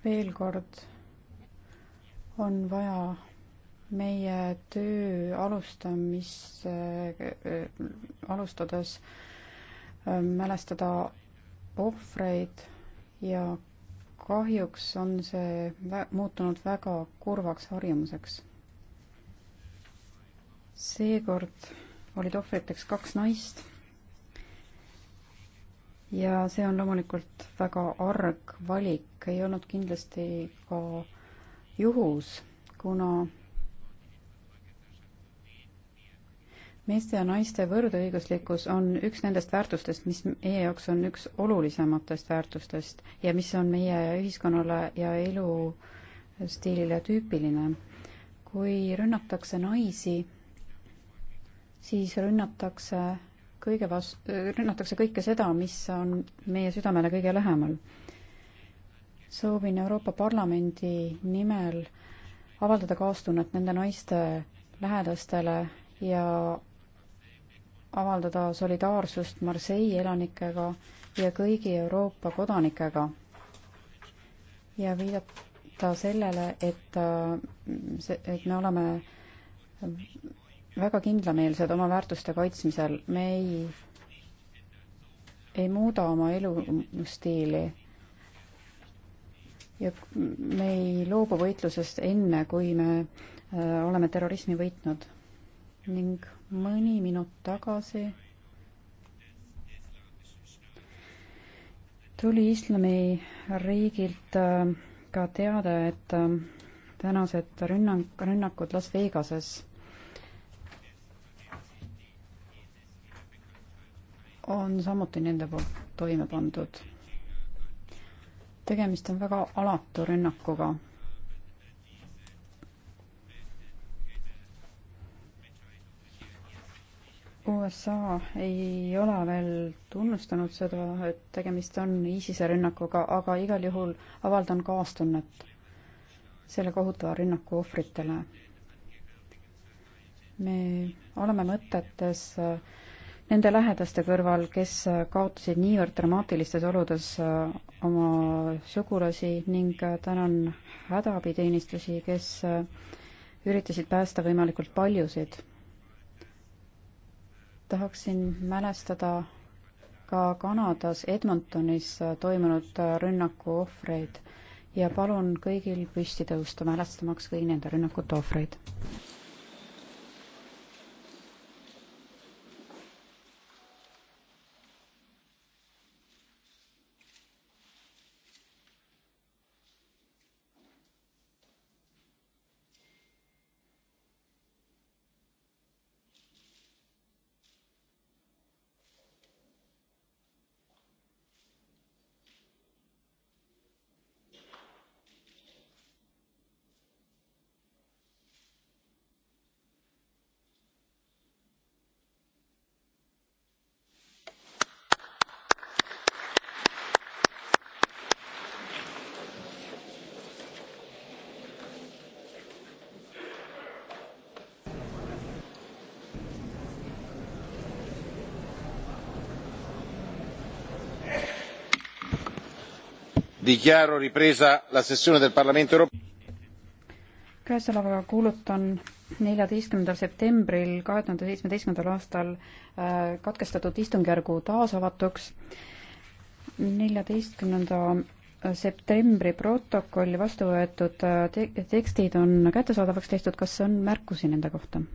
veel kord on vaja meie töö alustamis äh, äh,, alustades äh, mälestada ohvreid ja kahjuks on see vä muutunud väga kurvaks harjumuseks. seekord olid ohvriteks kaks naist ja see on loomulikult väga arg valik, ei olnud kindlasti ka juhus, kuna meeste ja naiste võrdõiguslikkus on üks nendest väärtustest, mis meie jaoks on üks olulisematest väärtustest ja mis on meie ühiskonnale ja elustiilile tüüpiline. kui rünnatakse naisi, siis rünnatakse kõige vas-, rünnatakse kõike seda, mis on meie südamele kõige lähemal. soovin Euroopa Parlamendi nimel avaldada kaastunnet nende naiste lähedastele ja avaldada solidaarsust Marseille elanikega ja kõigi Euroopa kodanikega ja viidata sellele, et äh, see, et me oleme väga kindlameelsed oma väärtuste kaitsmisel, me ei, ei muuda oma elustiili. ja me ei loobu võitlusest enne, kui me äh, oleme terrorismi võitnud. ning mõni minut tagasi tuli islamiriigilt äh, ka teade, et äh, tänased rünnak, rünnakud Las Vegases on samuti nende poolt toime pandud. tegemist on väga alatu rünnakuga. USA ei ole veel tunnustanud seda, et tegemist on ISISe rünnakuga, aga igal juhul avaldan kaastunnet selle kohutava rünnaku ohvritele. me oleme mõtetes äh, nende lähedaste kõrval, kes kaotasid niivõrd dramaatilistes oludes äh, oma sugulasi ning äh, tänan hädaaabiteenistusi, kes äh, üritasid päästa võimalikult paljusid. tahaksin mälestada ka Kanadas Edmontonis toimunud rünnaku ohvreid ja palun kõigil püsti tõusta, mälestamaks kõigi nende rünnakute ohvreid. dichiaro ripresa la sessione del Parlamento europeo. käesolevaga kuulutan neljateistkümnendal septembril kahe tuhande seitsmeteistkümnendal aastal äh, katkestatud istungjärgu taasavatuks. neljateistkümnenda septembri protokolli vastu võetud äh, tekstid on kättesaadavaks tehtud, kas on märkusi nende kohta?